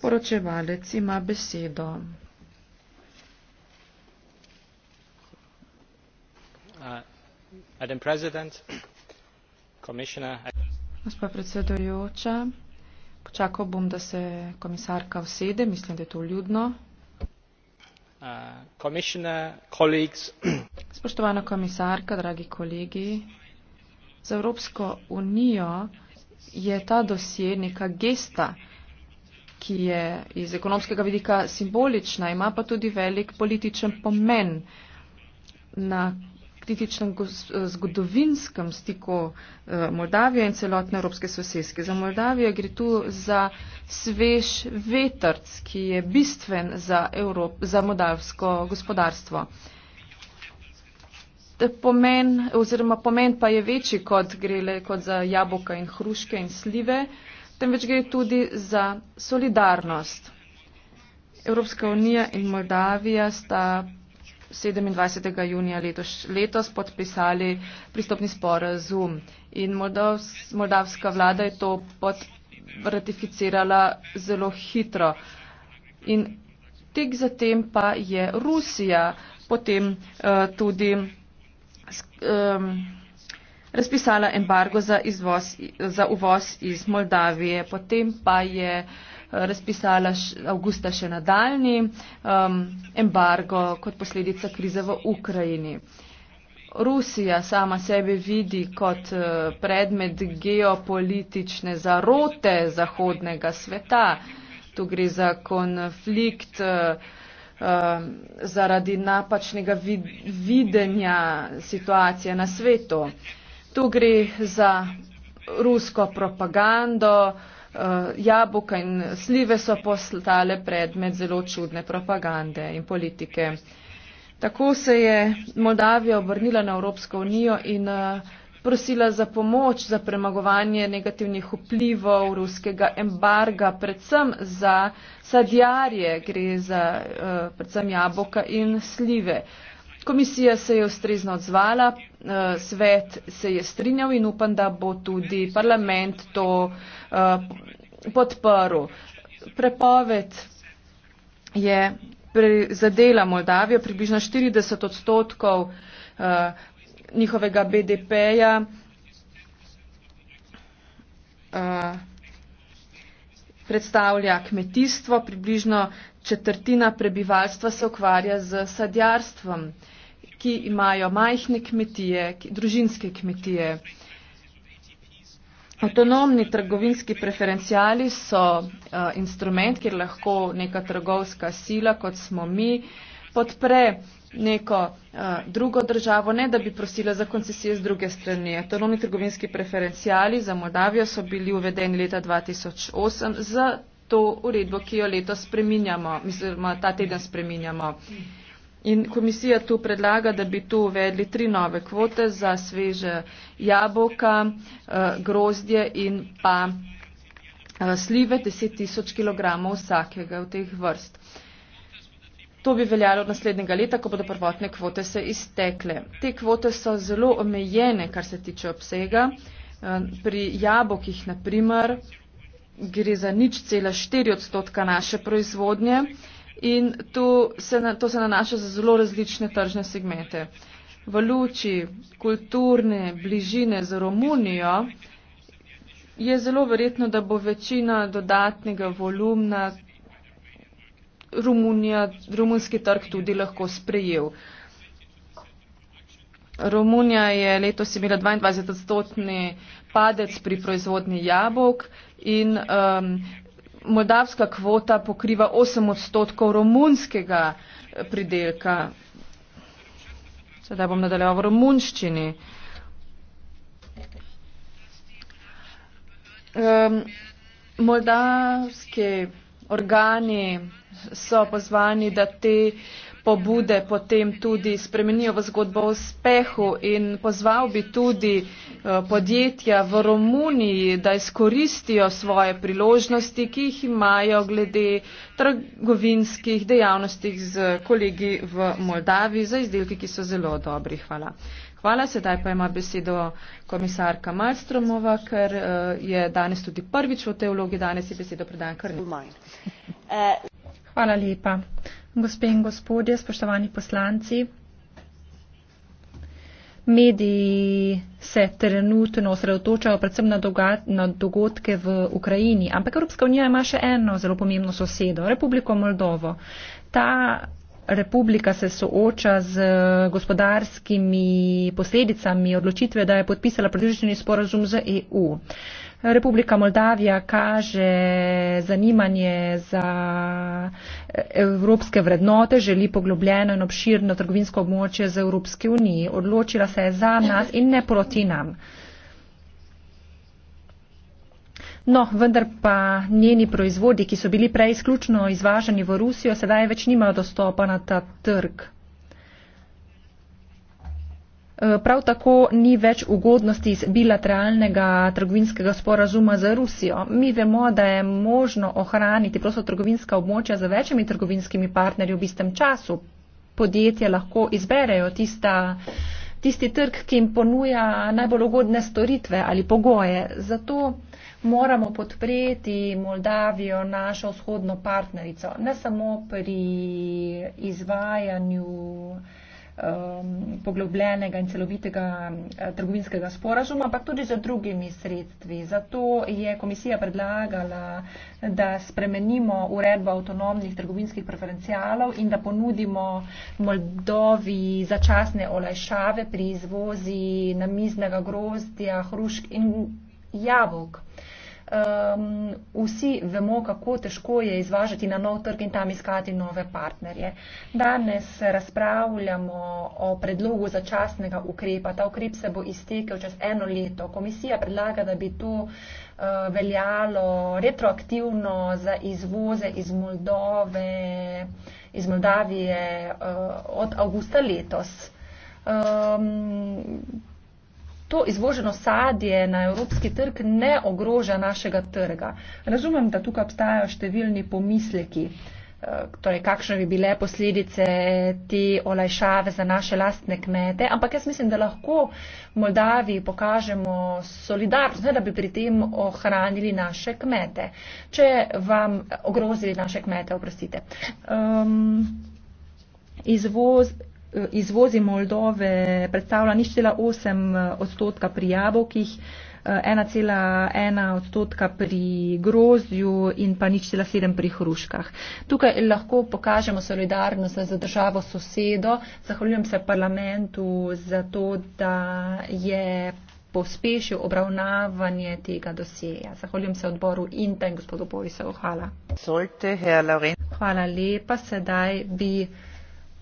Poročevalec ima besedo. Uh, Gospa predsedojoča, počakal bom, da se komisarka vsede, mislim, da je to ljudno. Uh, Spoštovana komisarka, dragi kolegi, za Evropsko unijo je ta dosje neka gesta, ki je nekaj, ki je iz ekonomskega vidika simbolična, ima pa tudi velik političen pomen na kritičnem zgodovinskem stiku eh, Moldavije in celotne evropske soseske. Za Moldavijo gre tu za svež vetrc, ki je bistven za, Evrop, za moldavsko gospodarstvo. E, pomen, oziroma pomen pa je večji kot, grele, kot za jabolka in hruške in slive. Uh, temveč gre tudi za solidarnost. Evropska unija in Moldavija sta 27. junija letos, letos podpisali pristopni sporazum in Moldavs, moldavska vlada je to pod ratificirala zelo hitro. In tek zatem pa je Rusija potem uh, tudi um, razpisala embargo za, izvoz, za uvoz iz Moldavije. Potem pa je eh, razpisala avgusta še nadaljni um, embargo kot posledica krize v Ukrajini. Rusija sama sebe vidi kot eh, predmet geopolitične zarote zahodnega sveta. Tu gre za konflikt uh, zaradi napačnega vid videnja situacije na svetu. Uh, Tu gre za rusko propagando, eh, jabolka in slive so postale predmet zelo čudne propagande in politike. Tako se je Moldavija obrnila na Evropsko unijo in eh, prosila za pomoč za premagovanje negativnih vplivov ruskega embarga, predvsem za sadjarje, gre za eh, predvsem jabolka in slive. Komisija se je ustrezno odzvala, eh, svet se je strinjal in upam, da bo tudi parlament to eh, podprl. Prepoved je zadela Moldavijo približno 40 odstotkov eh, njihovega BDP-ja. Predstavlja kmetijstvo približno četrtina prebivalstva se ukvarja z sadjarstvom, ki imajo majhne kmetije, družinske kmetije. Avtonomni trgovinski preferencijali so uh, instrument, kjer lahko neka trgovska sila, kot smo mi, podpre neko uh, drugo državo, ne da bi prosila za koncesije z druge strani. Avtonomni trgovinski preferencijali za Moldavijo so bili uvedeni leta 2008 z to uredbo, ki jo letos spreminjamo, mislim, ta teden spreminjamo. In komisija tu predlaga, da bi tu uvedli tri nove kvote za sveže jabolka, eh, grozdje in pa eh, slive 10 tisoč kilogramov vsakega v teh vrst. To bi veljalo od naslednjega leta, ko bodo prvotne kvote se iztekle. Te kvote so zelo omejene, kar se tiče obsega. Eh, pri jabokih, na primer, gre za nič cela štiri odstotka naše proizvodnje in to se, na, to se nanaša za zelo različne tržne segmente. V luči kulturne bližine z Romunijo je zelo verjetno, da bo večina dodatnega volumna Romunija, romunski trg tudi lahko sprejel. Uh, Romunija je letos imela 22 odstotni padec pri proizvodni jabolk in um, moldavska kvota pokriva 8 odstotkov romunskega eh, pridelka. Sedaj bom nadaljeval v romunščini. Um, moldavski organi so pozvani, da te uh, pobude potem tudi spremenijo v zgodbo o uspehu in pozval bi tudi eh, podjetja v Romuniji, da izkoristijo svoje priložnosti, ki jih imajo glede trgovinskih dejavnosti z kolegi v Moldavi za izdelki, ki so zelo dobri. Hvala. Hvala, sedaj pa ima besedo komisarka Malstromova, ker eh, je danes tudi prvič v tej vlogi, danes je besedo predan kar ne. Hvala lepa. Gospe in gospodje, spoštovani poslanci, mediji se trenutno osredotočajo predvsem na, na dogodke v Ukrajini, ampak Evropska unija ima še eno zelo pomembno sosedo, Republiko Moldovo. Ta republika se sooča z gospodarskimi posledicami odločitve, da je podpisala predvideni sporazum z EU. Republika Moldavija kaže zanimanje za evropske vrednote, želi poglobljeno in obširno trgovinsko območje z Evropske unije. Odločila se je za nas in ne proti nam. No, vendar pa njeni proizvodi, ki so bili prej izključno izvaženi v Rusijo, sedaj več nimajo dostopa na ta trg. Eh, prav tako ni več ugodnosti iz bilateralnega trgovinskega sporazuma z Rusijo. Mi vemo, da je možno ohraniti prosto trgovinska območja z večjimi trgovinskimi partnerji v istem času. Podjetje lahko izberejo tista, tisti trg, ki jim ponuja najbolj ugodne storitve ali pogoje. Zato moramo podpreti Moldavijo, našo vzhodno partnerico, ne samo pri izvajanju um, poglobljenega in celovitega uh, trgovinskega sporazuma, ampak tudi za drugimi sredstvi. Zato je komisija predlagala, da spremenimo uredbo avtonomnih trgovinskih preferencialov in da ponudimo Moldovi začasne olajšave pri izvozi namiznega grozdja, hrušk in jabolk um, vsi vemo, kako težko je izvažati na nov trg in tam iskati nove partnerje. Danes razpravljamo o predlogu začasnega ukrepa. Ta ukrep se bo iztekel čez eno leto. Komisija predlaga, da bi to eh, veljalo retroaktivno za izvoze iz, Moldove, iz Moldavije eh, od avgusta letos. Ehm, to izvoženo sadje na evropski trg ne ogroža našega trga. Razumem, da tukaj obstajajo številni pomisleki, eh, torej kakšne bi bile posledice te olajšave za naše lastne kmete, ampak jaz mislim, da lahko Moldaviji pokažemo solidarnost, ne da bi pri tem ohranili naše kmete, če vam ogrozili naše kmete, oprostite. Um, Izvoz, izvozi Moldove predstavlja ničela 8 eh, odstotka pri jabolkih, 1,1 eh, odstotka pri grozdju in pa ničela 7 pri hruškah. Tukaj lahko pokažemo solidarnost za državo sosedo. Zahvaljujem se parlamentu za to, da je pospešil obravnavanje tega dosjeja. Zahvaljujem se odboru Inta in gospodu Bojsov. Hvala. Hvala lepa. Sedaj bi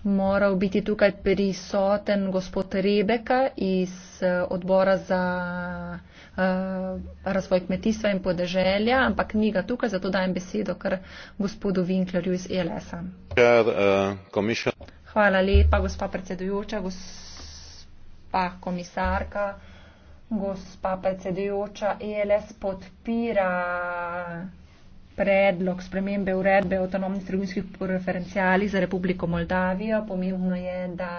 moral biti tukaj prisoten gospod Rebeka iz eh, odbora za uh, razvoj kmetijstva in podeželja, ampak ni ga tukaj, zato dajem besedo kar gospodu Winklerju iz ELS-a. Eh, Hvala lepa, gospa predsedujoča, gospa komisarka, gospa predsedujoča ELS podpira predlog spremembe uredbe o avtonomnih trgovinskih referencijalih za Republiko Moldavijo. Pomembno je, da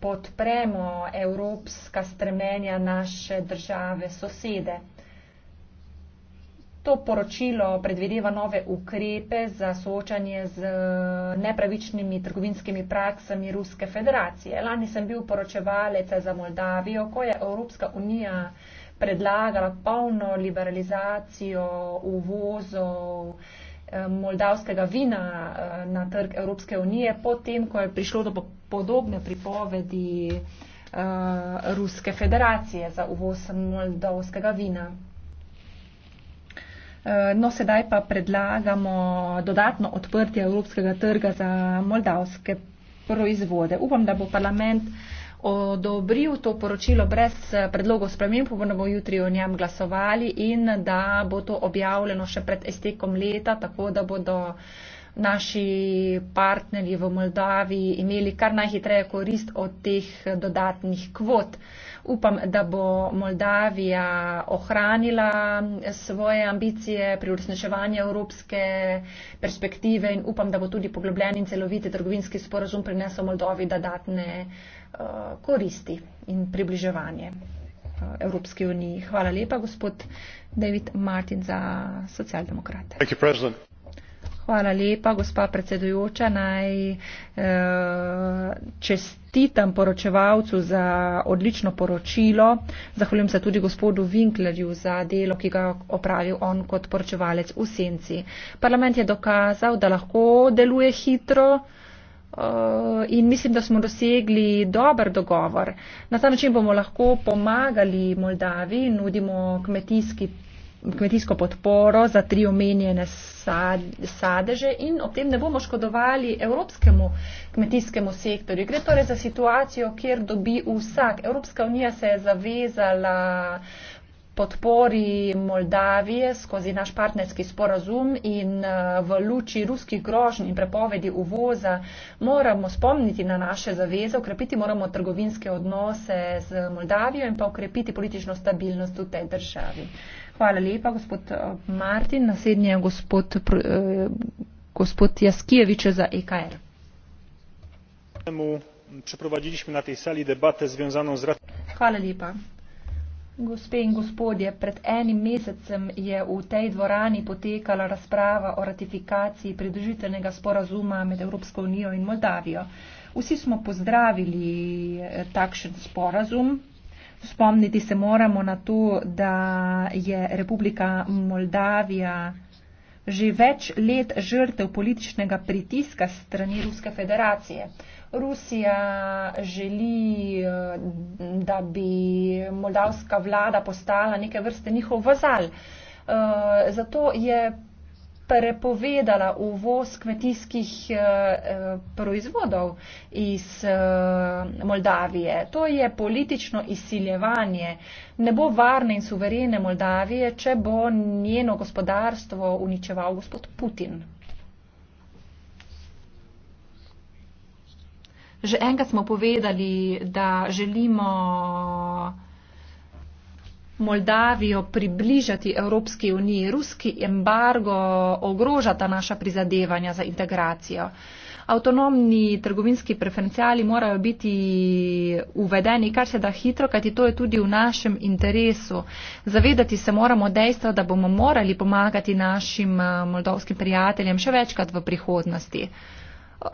podpremo evropska stremenja naše države sosede. To poročilo predvideva nove ukrepe za soočanje z nepravičnimi trgovinskimi praksami Ruske federacije. Lani sem bil poročevalec za Moldavijo, ko je Evropska unija predlagala polno liberalizacijo uvozov eh, moldavskega vina eh, na trg Evropske unije, potem, ko je prišlo do podobne pripovedi eh, Ruske federacije za uvoz moldavskega vina. No, sedaj pa predlagamo dodatno odprtje Evropskega trga za moldavske proizvode. Upam, da bo parlament uh, odobril to poročilo brez eh, predlogov sprememb, bomo, bomo jutri o njem glasovali in da bo to objavljeno še pred iztekom leta, tako da bodo naši partnerji v Moldaviji imeli kar najhitreje korist od teh eh, dodatnih kvot. Upam, da bo Moldavija ohranila eh, svoje ambicije pri uresničevanju evropske perspektive in upam, da bo tudi poglobljen in celoviti trgovinski sporozum prinesel Moldovi dodatne. Da Eh, koristi in približevanje eh, Evropske unije. Hvala lepa, gospod David Martin za socialdemokrate. Hvala lepa, gospa predsedujoča. Naj eh, čestitam poročevalcu za odlično poročilo. Zahvaljujem se tudi gospodu Winklerju za delo, ki ga je opravil on kot poročevalec v senci. Parlament je dokazal, da lahko deluje hitro. Eh, in mislim, da smo dosegli dober dogovor. Na ta način bomo lahko pomagali Moldavi, nudimo kmetijski kmetijsko podporo za tri omenjene sadeže in ob tem ne bomo škodovali evropskemu kmetijskemu sektorju. Gre torej za situacijo, kjer dobi vsak. Evropska unija se je zavezala podpori Moldavije skozi naš partnerski sporazum in eh, v luči ruskih grožn in prepovedi uvoza moramo spomniti na naše zaveze, ukrepiti moramo trgovinske odnose z Moldavijo in pa ukrepiti politično stabilnost v tej državi. Hvala lepa, gospod eh, Martin. Naslednji je gospod, eh, gospod Jaskijevič za EKR. Hvala lepa. Gospe in gospodje, pred enim mesecem je v tej dvorani potekala razprava o ratifikaciji pridružitvenega sporazuma med Evropsko unijo in Moldavijo. Vsi smo pozdravili eh, takšen sporazum. Spomniti se moramo na to, da je Republika Moldavija že več let žrtev političnega pritiska strani Ruske federacije. Rusija želi, eh, da bi moldavska vlada postala neke vrste njihov vazal. Eh, zato je prepovedala uvoz kmetijskih eh, eh, proizvodov iz eh, Moldavije. To je politično izsiljevanje. Ne bo varne in suverene Moldavije, če bo njeno gospodarstvo uničeval gospod Putin. Že enkrat smo povedali, da želimo Moldavijo približati Evropski uniji. Ruski embargo ogroža ta naša prizadevanja za integracijo. Avtonomni trgovinski preferencijali morajo biti uvedeni kar se da hitro, kajti to je tudi v našem interesu. Zavedati se moramo dejstva, da bomo morali pomagati našim eh, moldovskim prijateljem še večkrat v prihodnosti.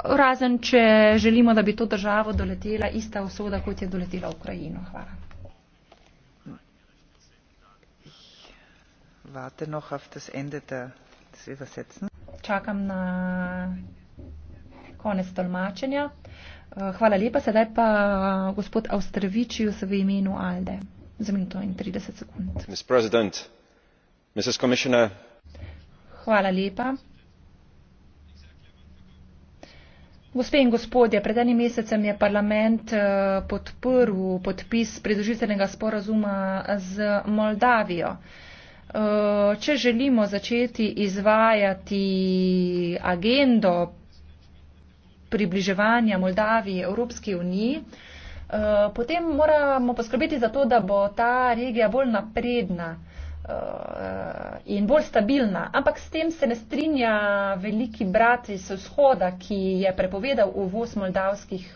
Razen, če želimo, da bi to državo doletela ista usoda, kot je doletela Ukrajino. Hvala. warte noch auf das Ende der, des Übersetzens. Eh, hvala lepa, sedaj pa eh, gospod Austrevičius v imenu Alde. Za minuto in 30 sekund. Hvala lepa. Gospe in gospodje, pred enim mesecem je parlament eh, podprl podpis pridružitvenega sporazuma z Moldavijo. Eh, če želimo začeti izvajati agendo približevanja Moldaviji Evropski uniji, eh, potem moramo poskrbeti za to, da bo ta regija bolj napredna eh, in bolj stabilna. Ampak s tem se ne strinja veliki brat iz vzhoda, ki je prepovedal uvoz moldavskih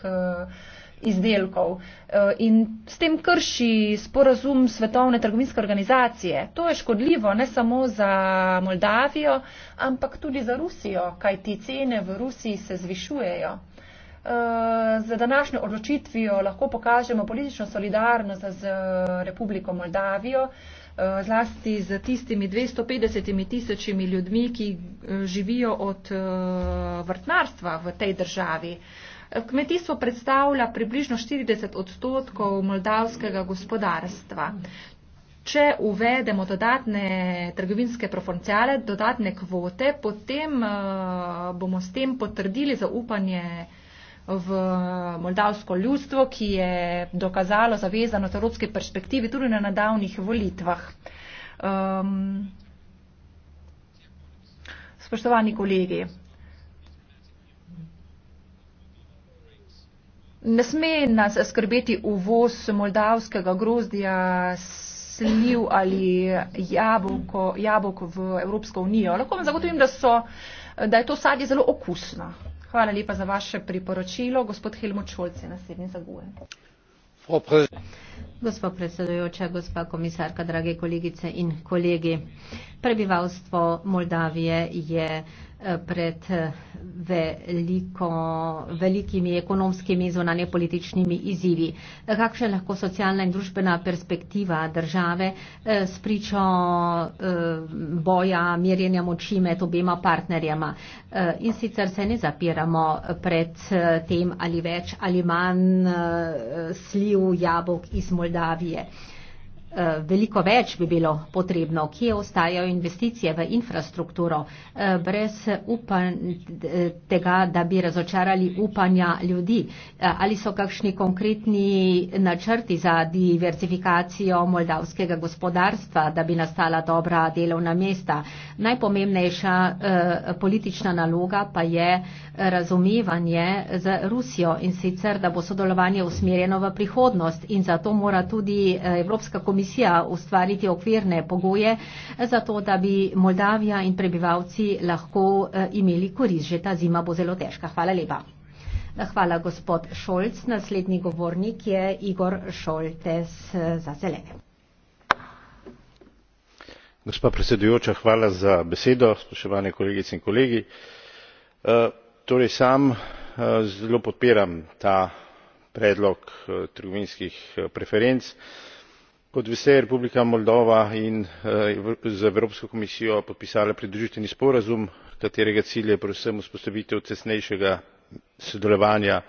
izdelkov eh, in s tem krši sporazum Svetovne trgovinske organizacije. To je škodljivo ne samo za Moldavijo, ampak tudi za Rusijo, kaj ti cene v Rusiji se zvišujejo. Eh, z današnjo odločitvijo lahko pokažemo politično solidarnost z eh, Republiko Moldavijo, zlasti z tistimi 250 tisočimi ljudmi, ki živijo od vrtnarstva v tej državi. Kmetijstvo predstavlja približno 40 odstotkov moldavskega gospodarstva. Če uvedemo dodatne trgovinske profoncijale, dodatne kvote, potem eh, bomo s tem potrdili zaupanje v moldavsko ljudstvo, ki je dokazalo zavezano z evropske perspektive tudi na nadavnih volitvah. Um, spoštovani kolegi, Ne sme nas skrbeti uvoz moldavskega grozdja, sliv ali jabolko, jabolko v Evropsko unijo. Lahko vam zagotovim, da, so, da je to sadje zelo okusno. Hvala lepa za vaše priporočilo. Gospod Helmut Šolce, naslednji zagoje. Gospod predsedujoča, gospa komisarka, drage kolegice in kolegi. Prebivalstvo Moldavije je pred eh, veliko, velikimi ekonomskimi in zunanje političnimi izzivi. Kakšna je lahko socialna in družbena perspektiva države eh, s pričo eh, boja, merjenja moči med obema partnerjama? In sicer se ne zapiramo pred tem ali več ali manj sliv jabolk iz Moldavije. Eh, veliko več bi bilo potrebno, kje ostajajo investicije v infrastrukturo, eh, brez upan eh, tega, da bi razočarali upanja ljudi. Ali so kakšni konkretni načrti za diversifikacijo moldavskega gospodarstva, da bi nastala dobra delovna mesta. Najpomembnejša politična naloga pa je razumevanje z Rusijo in sicer, da bo sodelovanje usmerjeno v prihodnost in zato mora tudi Evropska komisija komisija ustvariti okvirne pogoje za to, da bi Moldavija in prebivalci lahko eh, imeli korist. Že ta zima bo zelo težka. Hvala lepa. Hvala, gospod Šolc. Naslednji govornik je Igor Šoltes eh, za zelene. Gospa predsedujoča, hvala za besedo. Spoštovane kolegice in kolegi. Eh, torej sam zelo podpiram ta predlog trgovinskih preferenc kot veste je republika moldova eh, z evropsko komisijo podpisala pridružitveni sporazum katerega cilj je predvsem vzpostavitev tesnejšega sodelovanja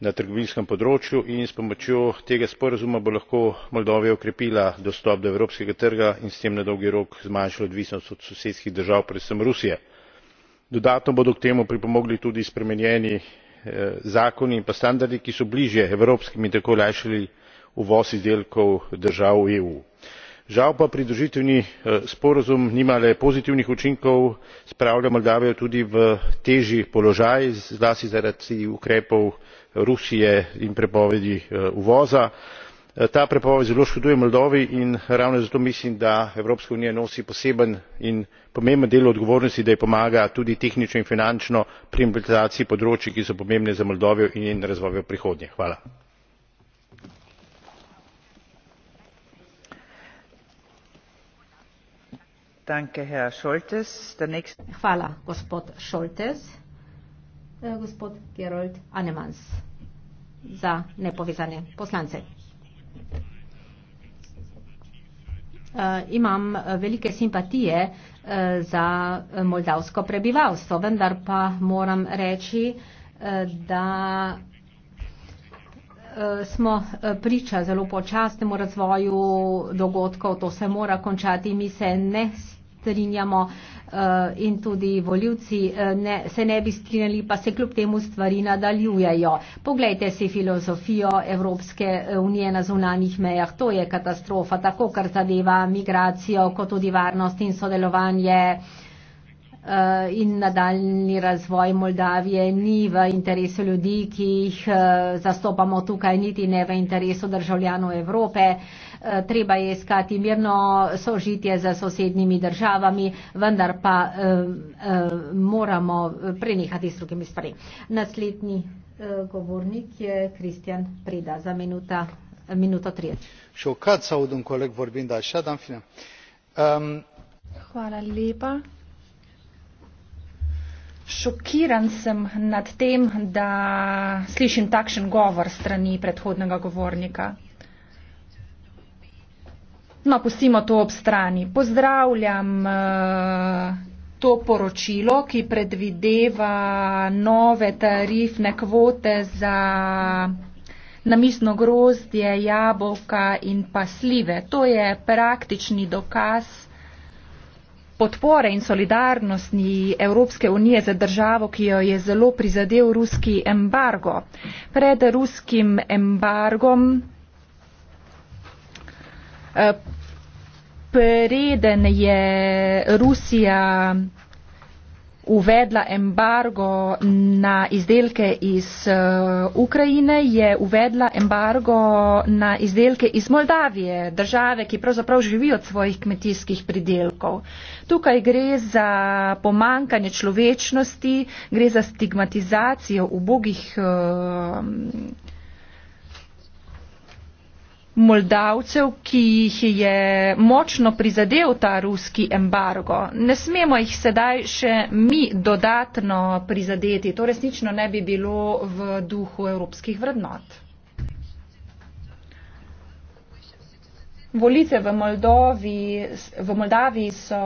na trgovinskem področju in s pomočjo tega sporazuma bo lahko moldova okrepila dostop do evropskega trga in s tem na dolgi rok zmanjšala odvisnost od sosedskih držav predvsem rusije. dodatno bodo k temu pripomogli tudi spremenjeni eh, zakoni in pa standardi ki so bližje evropskim in tako olajšali uvoz izdelkov držav eu. žal pa pridružitveni eh, sporazum nima le pozitivnih učinkov spravlja moldavijo tudi v težji položaj zlasti zaradi ukrepov rusije in prepovedi eh, uvoza. Eh, ta prepoved zelo škoduje moldoviji in ravno zato mislim da evropska unija nosi poseben in pomemben del odgovornosti da ji pomaga tudi tehnično in finančno pri implementaciji področij ki so pomembni za moldavijo in njen razvoj v prihodnje. Hvala, gospod Šoltes. Eh, gospod Gerold Anemans za nepovezane poslance. Uh, imam eh, velike simpatije uh, za moldavsko prebivalstvo, vendar pa moram reči, uh, da uh, smo priča zelo počasnemu razvoju dogodkov. To se mora končati. Mi se ne strinjamo strinjamo eh, in tudi voljivci eh, ne, se ne bi strinjali, pa se kljub temu stvari nadaljujejo. Poglejte si filozofijo Evropske eh, unije na zunanjih mejah. To je katastrofa, tako kar zadeva migracijo, kot tudi varnost in sodelovanje in nadaljni razvoj Moldavije ni v interesu ljudi, ki jih zastopamo tukaj, niti ne v interesu državljanov Evrope. Eh, treba je iskati mirno sožitje za sosednjimi državami, vendar pa eh, eh, moramo prenehati s drugimi stvari. Naslednji govornik je Kristjan Preda za minuta, minuto 30. Še vkrat se vodim koleg Vorbinda, še dan film. Um, Hvala lepa. Šokiran sem nad tem, da slišim takšen govor strani predhodnega govornika. No, pustimo to ob strani. Pozdravljam eh, to poročilo, ki predvideva nove tarifne kvote za namisno grozdje, jabolka in paslive. To je praktični dokaz podpore in solidarnosti Evropske unije za državo, ki jo je zelo prizadel ruski embargo. Pred ruskim embargom E, preden je Rusija uvedla embargo na izdelke iz e, Ukrajine, je uvedla embargo na izdelke iz Moldavije, države, ki pravzaprav živijo od svojih kmetijskih pridelkov. Tukaj gre za pomankanje človečnosti, gre za stigmatizacijo ubogih e, moldavcev, ki jih je močno prizadel ta ruski embargo. Ne smemo jih sedaj še mi dodatno prizadeti. To resnično ne bi bilo v duhu evropskih vrednot. Volice v, v Moldaviji so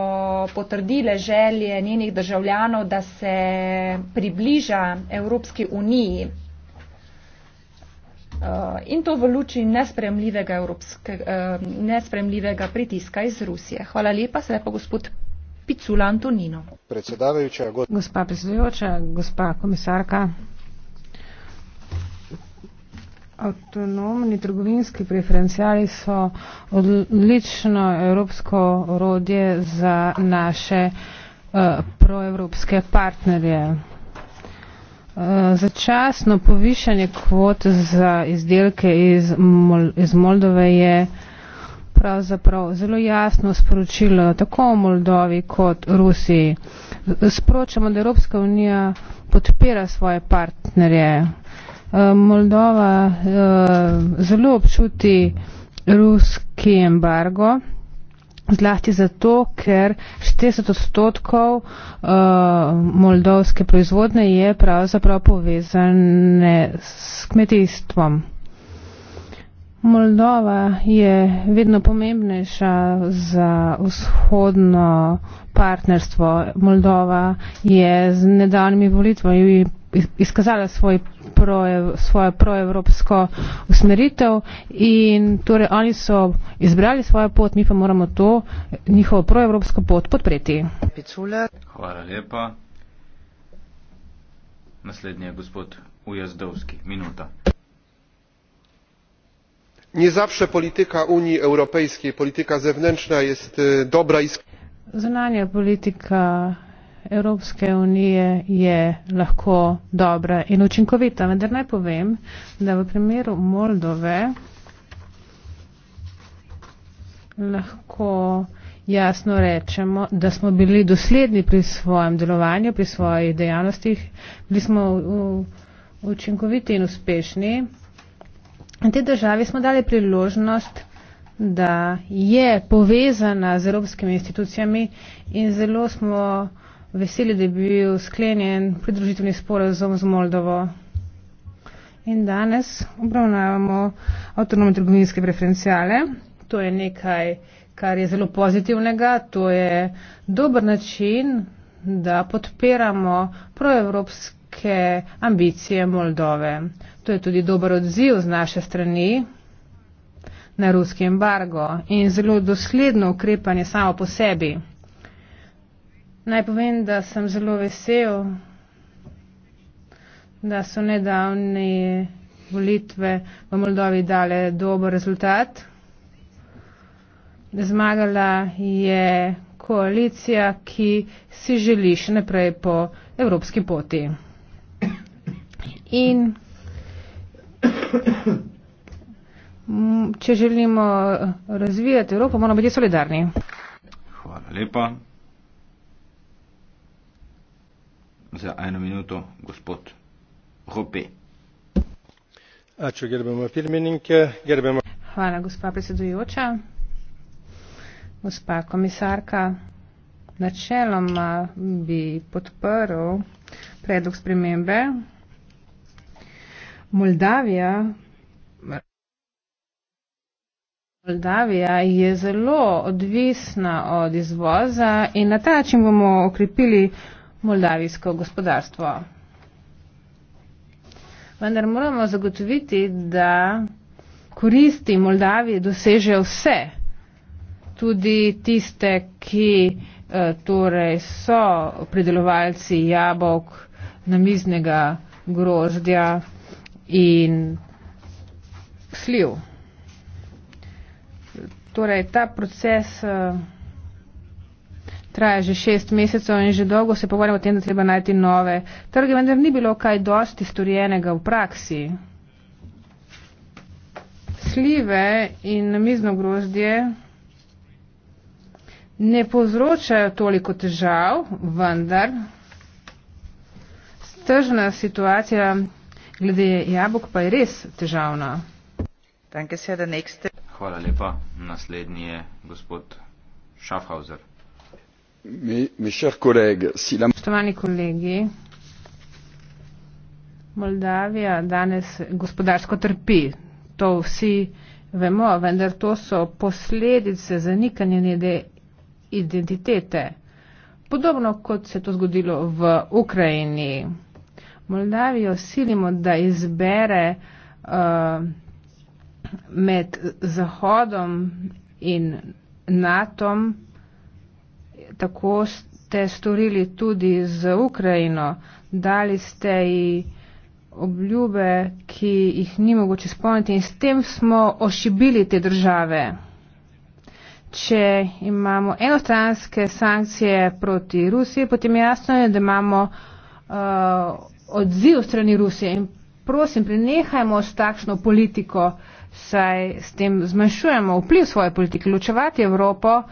potrdile želje njenih državljanov, da se približa Evropski uniji. Eh, in to v luči nespremljivega, evropske, eh, nespremljivega pritiska iz Rusije. Hvala lepa, se lepo gospod Picula Antonino. Predsedavajuča, go gospa predsedujoča, gospa komisarka. Avtonomni trgovinski preferenciali so odlično evropsko orodje za naše uh, proevropske partnerje. Eh, začasno povišanje kvot za izdelke iz, Mol iz Moldove je pravzaprav zelo jasno sporočilo tako v Moldovi kot Rusiji. Sporočamo, da Evropska unija podpira svoje partnerje. Eh, Moldova eh, zelo občuti ruski embargo, Zlasti zato, ker 40 odstotkov uh, moldovske proizvodne je pravzaprav povezane s kmetijstvom. Moldova je vedno pomembnejša za vzhodno partnerstvo. Moldova je z nedavnimi volitvami izkazala svoj pro, svojo proevropsko usmeritev in torej oni so izbrali svojo pot, mi pa moramo to njihovo proevropsko pot podpreti. Picula. Hvala lepa. Naslednji je gospod Ujazdovski. Minuta. Nie zawsze polityka Unii Europejskiej, polityka zewnętrzna jest e, dobra i skuteczna. Zunania polityka Evropske unije je lahko dobra in učinkovita. Vendar naj povem, da v primeru Moldove lahko jasno rečemo, da smo bili dosledni pri svojem delovanju, pri svojih dejavnostih, bili smo učinkoviti in uspešni. In te državi smo dali priložnost, da je povezana z evropskimi institucijami in zelo smo uh, veseli, da je bil sklenjen pridružitveni sporazum z Moldovo. In danes obravnavamo avtonomne trgovinske preferencijale. To je nekaj, kar je zelo pozitivnega. To je dober način, da podpiramo proevropske ambicije Moldove. To je tudi dober odziv z naše strani na ruski embargo in zelo dosledno ukrepanje samo po sebi. Naj povem, da sem zelo vesel, da so nedavne volitve v Moldovi dale dober rezultat. Zmagala je koalicija, ki si želi še naprej po evropski poti. In če želimo razvijati Evropo, moramo biti solidarni. Hvala lepa. za eno minuto gospod Hope. Ačiū gerbiamą pirmininkę, gerbiamą. Hvala, gospa prisidujoča, gospa komisarka. Načeloma bi podprl predlog spremembe. Moldavija, Moldavija je zelo odvisna od izvoza in na ta način bomo okrepili moldavijsko gospodarstvo. Vendar moramo zagotoviti, da koristi Moldavije dosežejo vse, tudi tiste, ki eh, torej so pridelovalci jabolk, namiznega grozdja in sliv. Torej, ta proces uh, traja že šest mesecev in že dolgo se pogovarjamo o tem, da treba najti nove trge, vendar ni bilo kaj dosti storjenega v praksi. Slive in namizno grozdje ne povzročajo toliko težav, vendar tržna situacija glede jabolk pa je res težavna. Hvala lepa. Naslednji je gospod Schaffhauser spoštovani kolegi moldavija danes gospodarsko trpi to vsi vemo vendar to so posledice zanikanja njene identitete podobno kot se je to zgodilo v ukrajini moldavijo silimo da izbere uh, med zahodom in natom tako ste storili tudi z Ukrajino, dali ste ji obljube, ki jih ni mogoče spomniti in s tem smo ošibili te države. Če imamo enostranske sankcije proti Rusiji, potem jasno je, da imamo uh, odziv strani Rusije in prosim, prenehajmo s takšno politiko, saj s tem zmanjšujemo vpliv svoje politike. Ločevati Evropo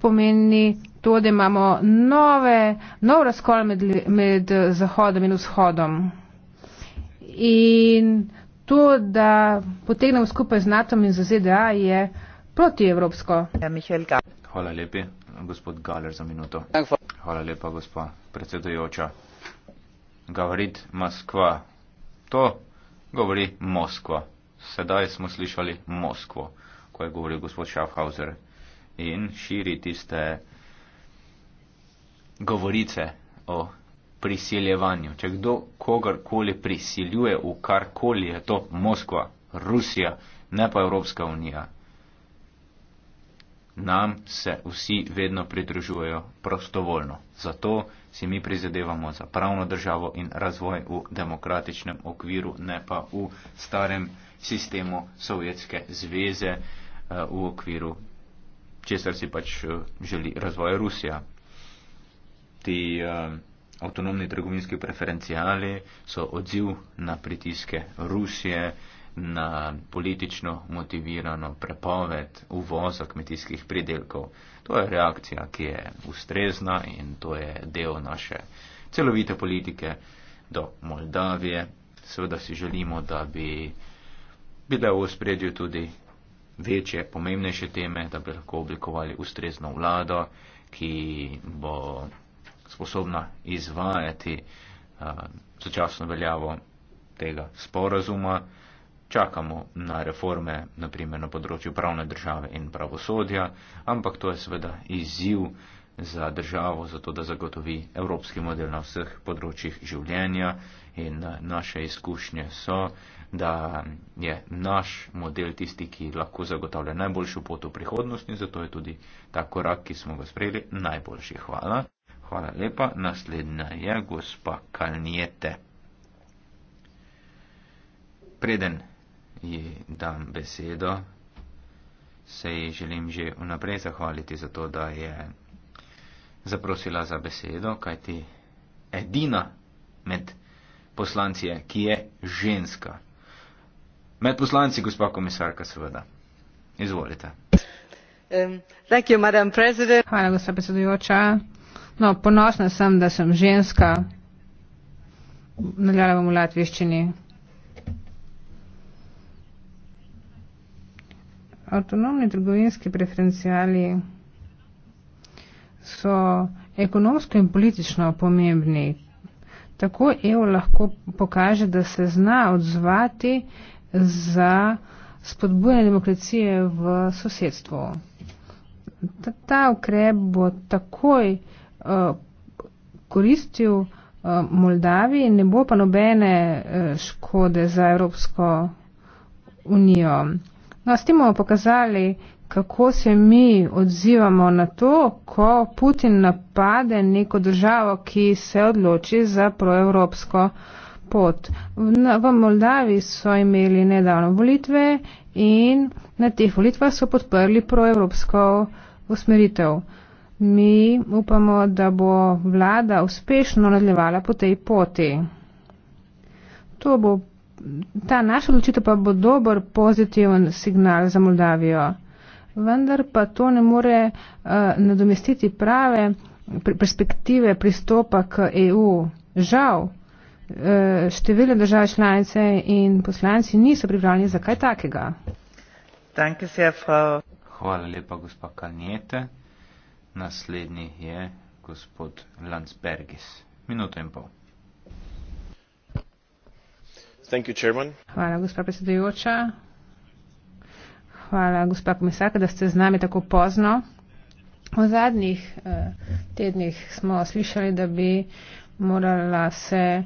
pomeni to, da imamo nove, nov razkol med, med eh, Zahodom in Vzhodom. In to, da potegnemo skupaj z NATO in z ZDA, je protievropsko. Ja, Hvala lepi, gospod Galer, za minuto. Hvala lepa, gospa predsedujoča. Govorit Moskva. To govori Moskva. Sedaj smo slišali Moskvo, ko je govoril gospod Schaffhauser. In širi tiste govorice o prisiljevanju. Če kdo kogarkoli prisiljuje v karkoli, je to Moskva, Rusija, ne pa Evropska unija. Nam se vsi vedno pridružujejo prostovoljno. Zato si mi prizadevamo za pravno državo in razvoj v demokratičnem okviru, ne pa v starem sistemu Sovjetske zveze eh, v okviru, česar si pač eh, želi razvoj Rusija ti uh, avtonomni trgovinski preferencijali so odziv na pritiske Rusije, na politično motivirano prepoved uvoza kmetijskih pridelkov. To je reakcija, ki je ustrezna in to je del naše celovite politike do Moldavije. Seveda si želimo, da bi bile v ospredju tudi večje, pomembnejše teme, da bi lahko oblikovali ustrezno vlado, ki bo sposobna izvajati uh, sočasno veljavo tega sporazuma. Čakamo na reforme, naprimer na področju pravne države in pravosodja, ampak to je seveda izziv za državo, zato da zagotovi evropski model na vseh področjih življenja in naše izkušnje so, da je naš model tisti, ki lahko zagotavlja najboljšo pot v prihodnost in zato je tudi ta korak, ki smo ga sprejeli, najboljši. Hvala. Hvala lepa. Naslednja je gospa Kalnijete. Preden ji dam besedo, se ji želim že vnaprej zahvaliti za to, da je zaprosila za besedo, kajti edina med poslanci je, ki je ženska. Med poslanci, gospa komisarka, seveda. Izvolite. Um, you, Hvala, gospa predsedujoča. No, ponosna sem, da sem ženska, nadaljala bom v latviščini. Avtonomni trgovinski preferencijali so ekonomsko in politično pomembni. Tako EU lahko pokaže, da se zna odzvati za spodbujanje demokracije v sosedstvu. Ta, ta ukrep bo takoj Eh, koristil eh, Moldaviji, ne bo pa nobene eh, škode za Evropsko unijo. No, s tem bomo pokazali, kako se mi odzivamo na to, ko Putin napade neko državo, ki se odloči za proevropsko pot. V Moldaviji so imeli nedavno volitve in na teh volitvah so podprli proevropsko usmeritev. Mi upamo, da bo vlada uspešno nadaljevala po tej poti. Bo, ta naša odločitev pa bo dober pozitiven signal za Moldavijo. Vendar pa to ne more uh, nadomestiti prave pr perspektive pristopa k EU. Žal, uh, številne države članice in poslanci niso pripravljeni za kaj takega. Danke sehr, Frau. Hvala lepa, gospa Kanjete. Naslednji je gospod Landsbergis. Minuto in pol. You, Hvala, gospod predsedujoča. Hvala, gospod komisarka, da ste z nami tako pozno. V zadnjih eh, tednih smo slišali, da bi morala se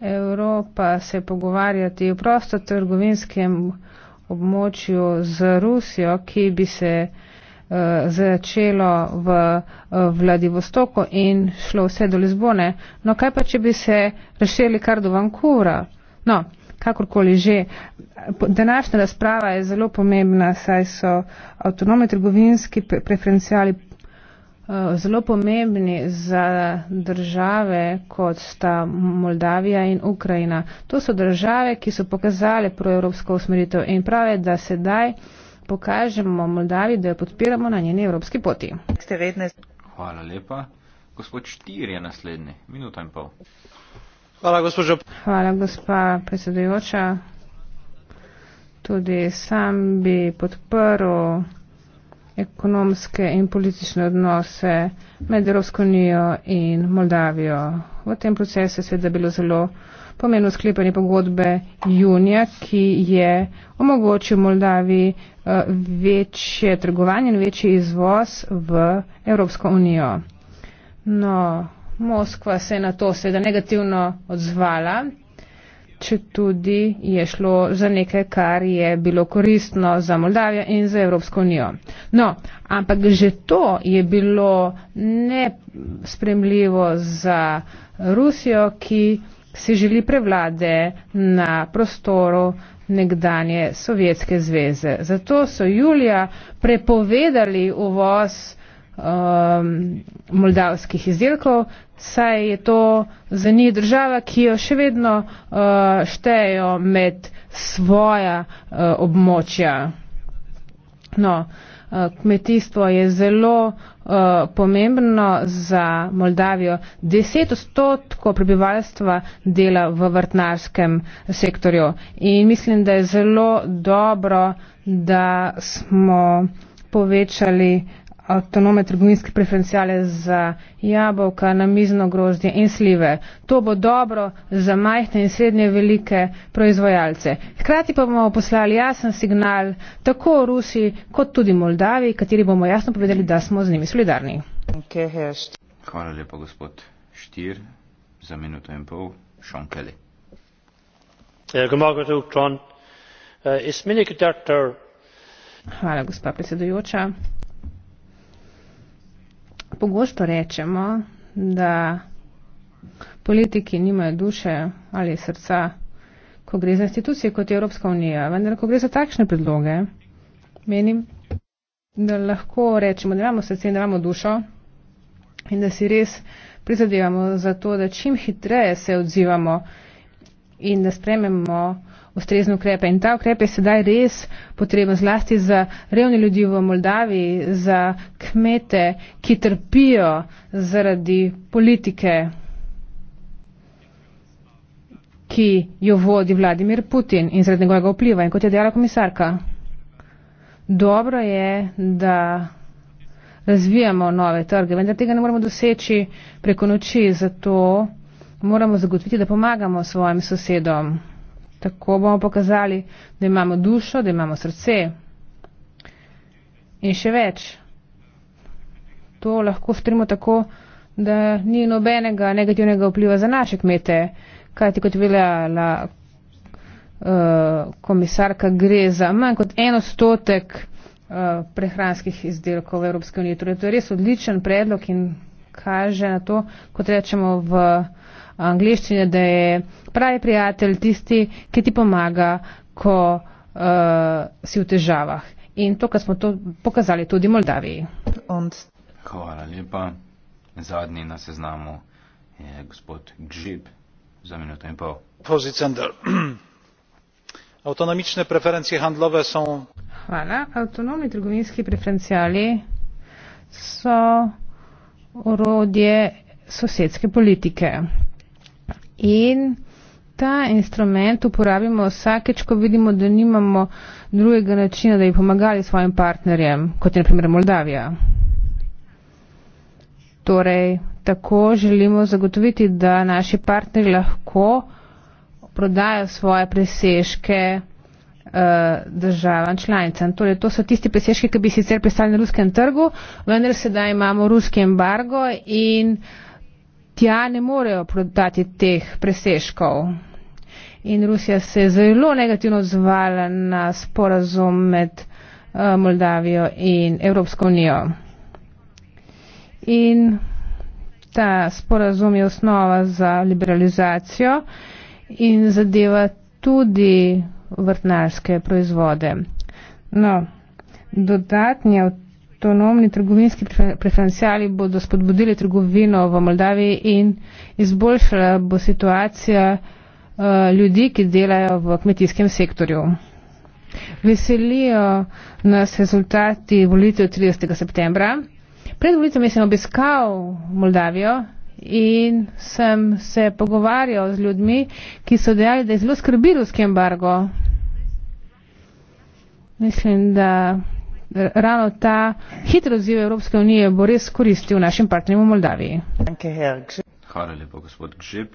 Evropa se pogovarjati o prostotrgovinskem območju z Rusijo, ki bi se eh, uh, začelo v uh, Vladivostoku in šlo vse do Lizbone. No, kaj pa, če bi se rešili kar do Vancouvra? No, kakorkoli že. Današnja razprava je zelo pomembna, saj so avtonomni trgovinski preferencijali eh, zelo pomembni za države, kot sta Moldavija in Ukrajina. To so države, ki so pokazale proevropsko usmeritev in prave, da sedaj pokažemo Moldavi, da jo podpiramo na njeni evropski poti. Hvala lepa. Gospod Štir je naslednji. Minuta in pol. Hvala, gospođo. Hvala, gospa predsedujoča. Tudi sam bi podprl ekonomske in politične odnose med Evropsko unijo in Moldavijo. V tem procesu je seveda bilo zelo pomenil sklepanje pogodbe junija, ki je omogočil Moldaviji eh, večje trgovanje in večji izvoz v Evropsko unijo. No, Moskva se je na to seveda negativno odzvala, če tudi je šlo za nekaj, kar je bilo koristno za Moldavijo in za Evropsko unijo. No, ampak že to je bilo nespremljivo za Rusijo, ki si želi prevlade na prostoru nekdanje Sovjetske zveze. Zato so julija prepovedali uvoz um, moldavskih izdelkov, saj je to za njih država, ki jo še vedno uh, štejejo med svoja uh, območja. No, uh, kmetijstvo je zelo uh, pomembno za Moldavijo. Deset odstotkov prebivalstva dela v vrtnarskem sektorju in mislim, da je zelo dobro, da smo povečali uh, avtonome trgovinske preferencijale za jabolka, namizno grozdje in slive. To bo dobro za majhne in srednje velike proizvajalce. Hkrati pa bomo poslali jasen signal tako Rusi kot tudi Moldavi, kateri bomo jasno povedali, da smo z njimi solidarni. Hvala lepa, gospod Štir, za minuto in pol, Šonkeli. Ja, eh, Hvala, gospa predsedujoča. Pogosto rečemo, da politiki nimajo duše ali srca, ko gre za institucije kot je Evropska unija. Vendar, ko gre za takšne predloge, menim, da lahko rečemo, da imamo srce in da imamo dušo in da si res prizadevamo za to, da čim hitreje se odzivamo in da sprememo ustrezne ukrepe. In ta ukrep je sedaj res potreben zlasti za revne ljudi v Moldaviji, za kmete, ki trpijo zaradi politike, ki jo vodi Vladimir Putin in zaradi njegovega vpliva. In kot je dejala komisarka, dobro je, da razvijamo nove trge, vendar tega ne moremo doseči preko noči, zato moramo zagotoviti, da pomagamo svojim sosedom. Tako bomo pokazali, da imamo dušo, da imamo srce. In še več, to lahko strimo tako, da ni nobenega negativnega vpliva za naše kmete, kajti kot veljala uh, eh, komisarka, gre za manj kot en odstotek uh, prehranskih izdelkov v Evropske unije. Torej, to je res odličen predlog in kaže na to, kot rečemo v angliščine, da je pravi prijatelj tisti, ki ti pomaga, ko uh, si v težavah. In to, kar smo to pokazali tudi Moldaviji. Und. Hvala lepa. Zadnji na seznamu je gospod Gžib za minuto in pol. Avtonomične preferencije handlove so. Hvala. Avtonomni trgovinski preferencijali so orodje sosedske politike. In ta instrument uporabimo vsakeč, ko vidimo, da nimamo drugega načina, da bi pomagali svojim partnerjem, kot je naprimer Moldavija. Torej, tako želimo zagotoviti, da naši partneri lahko prodajo svoje presežke eh, državam članicam. Torej, to so tisti presežki, ki bi sicer pristali na ruskem trgu, vendar sedaj imamo ruski embargo in uh, tja ne morejo prodati teh presežkov. In Rusija se je zelo negativno odzvala na sporazum med eh, Moldavijo in Evropsko unijo. In ta sporazum je osnova za liberalizacijo in zadeva tudi vrtnarske proizvode. No, dodatnja od avtonomni trgovinski preferenciali bodo spodbudili trgovino v Moldaviji in izboljšala bo situacija uh, ljudi, ki delajo v kmetijskem sektorju. Veselijo nas rezultati volitev 30. septembra. Pred volitvami sem obiskal Moldavijo in sem se pogovarjal z ljudmi, ki so dejali, da je zelo skrbi ruski embargo. Mislim, da ravno ta hitro odziv Evropske unije bo res koristil našim partnerjem v Moldaviji. Hvala lepo, gospod Gžib.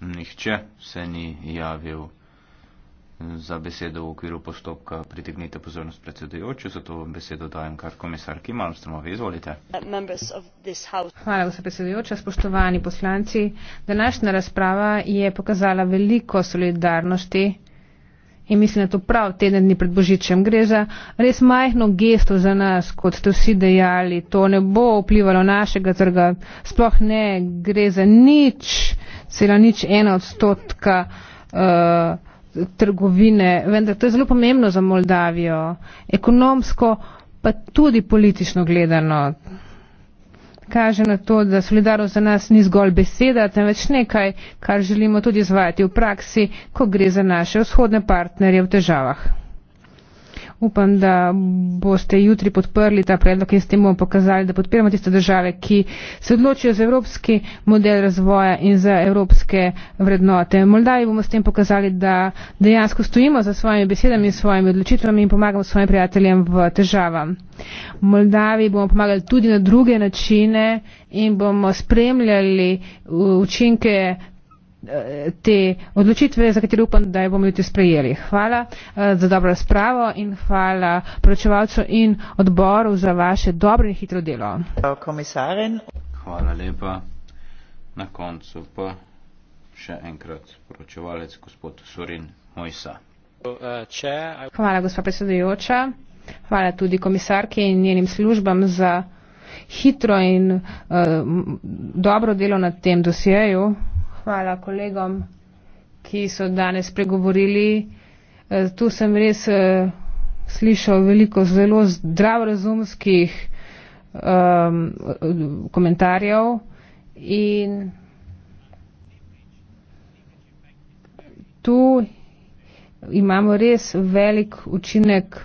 Nihče se ni javil za besedo v okviru postopka pritegnite pozornost predsedujoče, zato besedo dajem kar komisarki Malmstromovi. Izvolite. Hvala, gospod predsedujoča. Spoštovani poslanci, današnja razprava je pokazala veliko solidarnosti in mislim, da to prav teden dni pred božičem gre za res majhno gesto za nas, kot ste vsi dejali, to ne bo vplivalo našega trga, sploh ne gre za nič, celo nič ena odstotka uh, trgovine, vendar to je zelo pomembno za Moldavijo, ekonomsko, pa tudi politično gledano kaže na to, da solidarnost za nas ni zgolj beseda, temveč nekaj, kar želimo tudi izvajati v praksi, ko gre za naše vzhodne partnerje v težavah upam, da boste jutri podprli ta predlog in s tem bomo pokazali, da podpiramo tiste države, ki se odločijo za evropski model razvoja in za evropske vrednote. Moldavi bomo s tem pokazali, da dejansko stojimo za svojimi besedami in svojimi odločitvami in pomagamo svojim prijateljem v težavam. Moldavi bomo pomagali tudi na druge načine in bomo spremljali učinke Eh, te odločitve, za katere upam, da jo bomo jutri sprejeli. Hvala eh, za dobro razpravo in hvala poročevalcu in odboru za vaše dobro in hitro delo. Hvala lepa. Na koncu pa še enkrat poročevalec gospod Surin Mojsa. Hvala, gospa predsedujoča. Hvala tudi komisarki in njenim službam za hitro in uh, dobro delo na tem dosjeju hvala kolegom, ki so danes pregovorili. E, tu sem res e, slišal veliko zelo zdravorazumskih um, komentarjev in tu imamo res velik učinek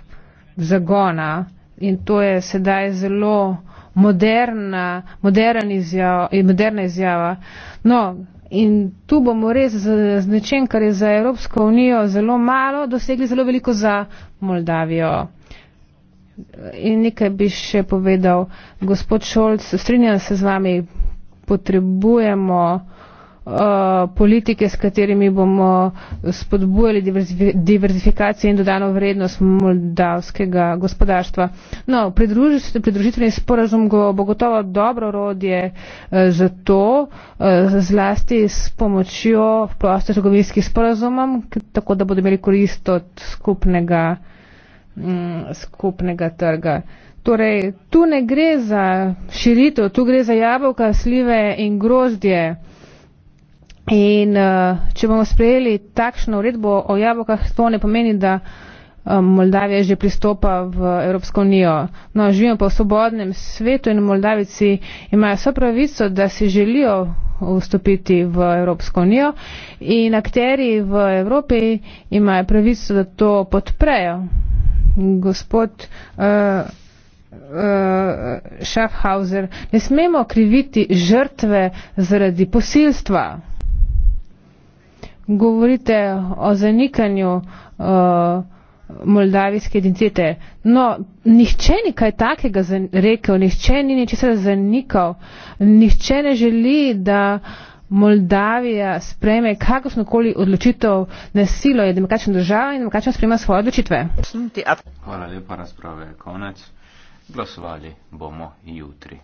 zagona in to je sedaj zelo moderna, moderna izjava. moderna izjava. No, In tu bomo res z, z nečem, kar je za Evropsko unijo zelo malo, dosegli zelo veliko za Moldavijo. In nekaj bi še povedal, gospod Šolc, strinjam se z vami, potrebujemo. Eh, politike, s katerimi bomo spodbujali diverzifikacijo in dodano vrednost moldavskega gospodarstva. No, pridružitveni sporazum go, bo gotovo dobro rodje eh, za to, eh, zlasti s pomočjo prostotrgovinskih sporazumov, tako da bodo imeli korist od skupnega, mm, skupnega trga. Torej, tu ne gre za širitev, tu gre za jabolka, slive in grozdje. In uh, če bomo sprejeli takšno uredbo o jabolkah, to ne pomeni, da um, Moldavija že pristopa v Evropsko unijo. No, živimo pa v svobodnem svetu in Moldavici imajo vso pravico, da si želijo vstopiti v Evropsko unijo in akteri v Evropi imajo pravico, da to podprejo. Gospod uh, uh, Schaffhauser, ne smemo kriviti žrtve zaradi posilstva govorite o zanikanju uh, moldavijske identitete. No, nihče ni kaj takega rekel, nihče ni ničesar zanikal, nihče ne želi, da Moldavija spreme kakršnokoli odločitev na silo, je demokratična država in demokratično sprema svoje odločitve. Hvala lepa, razprave je konec. Glasovali bomo jutri.